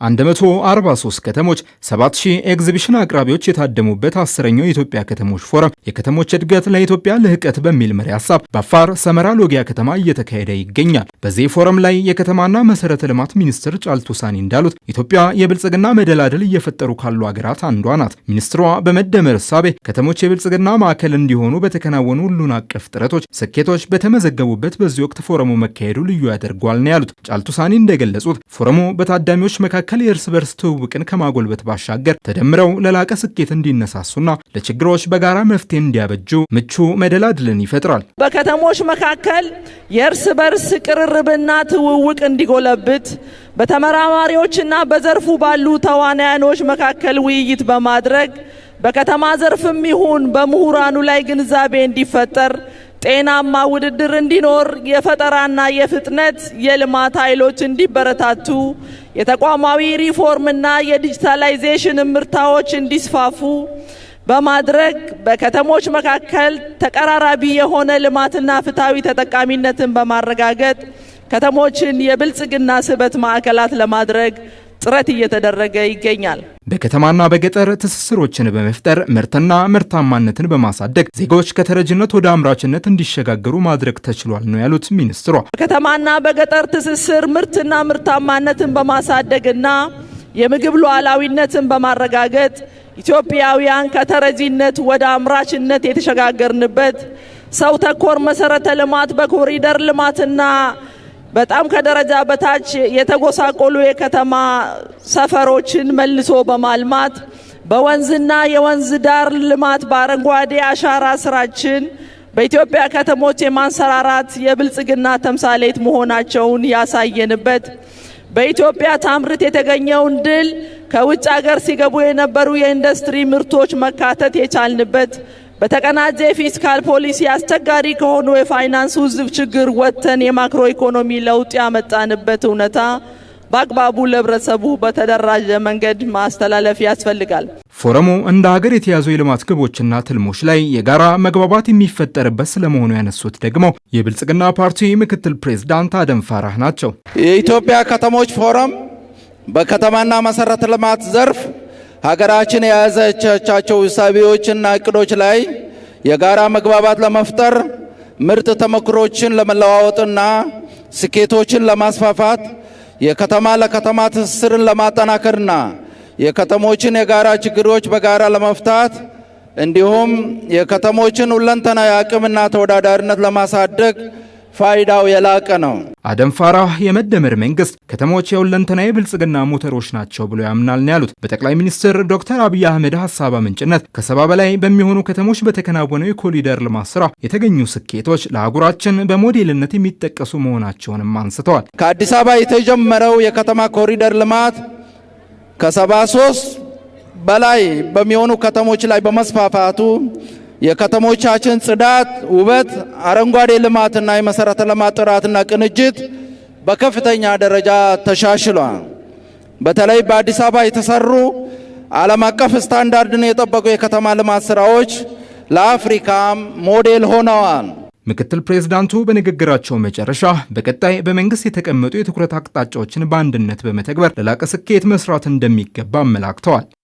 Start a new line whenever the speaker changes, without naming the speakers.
143 ከተሞች 7000 ኤግዚቢሽን አቅራቢዎች የታደሙበት አስረኛው የኢትዮጵያ ከተሞች ፎረም የከተሞች እድገት ለኢትዮጵያ ልህቀት በሚል መሪ ሀሳብ በአፋር ሰመራ ሎጊያ ከተማ እየተካሄደ ይገኛል። በዚህ ፎረም ላይ የከተማና መሰረተ ልማት ሚኒስትር ጫልቱ ሳኒ እንዳሉት ኢትዮጵያ የብልጽግና መደላደል እየፈጠሩ ካሉ ሀገራት አንዷ ናት። ሚኒስትሯ በመደመር እሳቤ ከተሞች የብልጽግና ማዕከል እንዲሆኑ በተከናወኑ ሁሉን አቀፍ ጥረቶች ስኬቶች በተመዘገቡበት በዚህ ወቅት ፎረሙ መካሄዱ ልዩ ያደርገዋል ነው ያሉት። ጫልቱ ሳኒ እንደገለጹት ፎረሙ በታዳሚዎች መካከል የእርስ በርስ ትውውቅን ከማጎልበት ባሻገር ተደምረው ለላቀ ስኬት እንዲነሳሱና ለችግሮች በጋራ መፍትሄ እንዲያበጁ ምቹ መደላድልን ይፈጥራል።
በከተሞች መካከል የእርስ በርስ ቅርር ርብርብና ትውውቅ እንዲጎለብት በተመራማሪዎችና በዘርፉ ባሉ ተዋናያኖች መካከል ውይይት በማድረግ በከተማ ዘርፍም ይሁን በምሁራኑ ላይ ግንዛቤ እንዲፈጠር፣ ጤናማ ውድድር እንዲኖር፣ የፈጠራና የፍጥነት የልማት ኃይሎች እንዲበረታቱ፣ የተቋማዊ ሪፎርምና የዲጂታላይዜሽን ምርታዎች እንዲስፋፉ በማድረግ በከተሞች መካከል ተቀራራቢ የሆነ ልማትና ፍትሐዊ ተጠቃሚነትን በማረጋገጥ ከተሞችን የብልጽግና ስበት ማዕከላት ለማድረግ ጥረት እየተደረገ ይገኛል።
በከተማና በገጠር ትስስሮችን በመፍጠር ምርትና ምርታማነትን በማሳደግ ዜጋዎች ከተረጅነት ወደ አምራችነት እንዲሸጋገሩ ማድረግ ተችሏል ነው ያሉት ሚኒስትሯ።
በከተማና በገጠር ትስስር ምርትና ምርታማነትን በማሳደግና የምግብ ሉዓላዊነትን በማረጋገጥ ኢትዮጵያውያን ከተረጂነት ወደ አምራችነት የተሸጋገርንበት ሰው ተኮር መሰረተ ልማት በኮሪደር ልማትና በጣም ከደረጃ በታች የተጎሳቆሉ የከተማ ሰፈሮችን መልሶ በማልማት በወንዝና የወንዝ ዳር ልማት በአረንጓዴ አሻራ ስራችን በኢትዮጵያ ከተሞች የማንሰራራት የብልጽግና ተምሳሌት መሆናቸውን ያሳየንበት በኢትዮጵያ ታምርት የተገኘውን ድል ከውጭ ሀገር ሲገቡ የነበሩ የኢንዱስትሪ ምርቶች መካተት የቻልንበት በተቀናጀ የፊስካል ፖሊሲ አስቸጋሪ ከሆኑ የፋይናንስ ውዝፍ ችግር ወጥተን የማክሮ ኢኮኖሚ ለውጥ ያመጣንበት እውነታ በአግባቡ ለህብረተሰቡ በተደራጀ መንገድ ማስተላለፍ ያስፈልጋል።
ፎረሙ እንደ ሀገር የተያዙ የልማት ግቦችና ትልሞች ላይ የጋራ መግባባት የሚፈጠርበት ስለመሆኑ ያነሱት ደግሞ የብልጽግና ፓርቲ ምክትል ፕሬዝዳንት አደም ፋራህ ናቸው።
የኢትዮጵያ ከተሞች ፎረም በከተማና መሰረተ ልማት ዘርፍ ሀገራችን የያዘቻቸው እሳቤዎችና እቅዶች ላይ የጋራ መግባባት ለመፍጠር ምርጥ ተሞክሮችን ለመለዋወጥና ስኬቶችን ለማስፋፋት የከተማ ለከተማ ትስስርን ለማጠናከርና የከተሞችን የጋራ ችግሮች በጋራ ለመፍታት እንዲሁም የከተሞችን ሁለንተናዊ የአቅምና ተወዳዳሪነት ለማሳደግ ፋይዳው የላቀ ነው።
አደም ፋራህ የመደመር መንግስት ከተሞች የሁለንተናዊ ብልጽግና ሞተሮች ናቸው ብሎ ያምናል ነው ያሉት። በጠቅላይ ሚኒስትር ዶክተር አብይ አህመድ ሀሳብ አመንጭነት ከሰባ በላይ በሚሆኑ ከተሞች በተከናወነው የኮሪደር ልማት ስራ የተገኙ ስኬቶች ለአህጉራችን በሞዴልነት የሚጠቀሱ መሆናቸውንም አንስተዋል።
ከአዲስ አበባ የተጀመረው የከተማ ኮሪደር ልማት ከሰባ ሶስት በላይ በሚሆኑ ከተሞች ላይ በመስፋፋቱ የከተሞቻችን ጽዳት፣ ውበት፣ አረንጓዴ ልማትና የመሰረተ ልማት ጥራትና ቅንጅት በከፍተኛ ደረጃ ተሻሽሏል። በተለይ በአዲስ አበባ የተሰሩ ዓለም አቀፍ ስታንዳርድን የጠበቁ የከተማ ልማት ስራዎች ለአፍሪካም ሞዴል ሆነዋል።
ምክትል ፕሬዝዳንቱ በንግግራቸው መጨረሻ በቀጣይ በመንግስት የተቀመጡ የትኩረት አቅጣጫዎችን በአንድነት በመተግበር ለላቀ ስኬት መስራት እንደሚገባ አመላክተዋል።